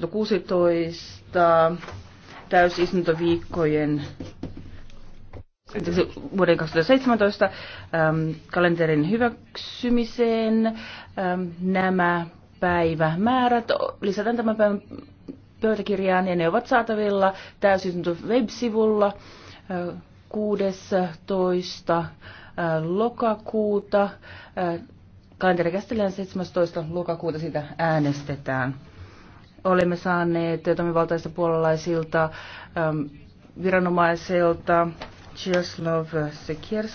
116 täysistuntoviikkojen siis vuoden 2017 äm, kalenterin hyväksymiseen äm, nämä päivämäärät. Lisätään tämän päivän pöytäkirjaan ja ne ovat saatavilla täysistunto web-sivulla 16. Äh, äh, lokakuuta. Äh, Kalenteri käsitellään 17. lokakuuta, sitä äänestetään olemme saaneet toimivaltaista puolalaisilta viranomaiselta Czeslaw Sekierski.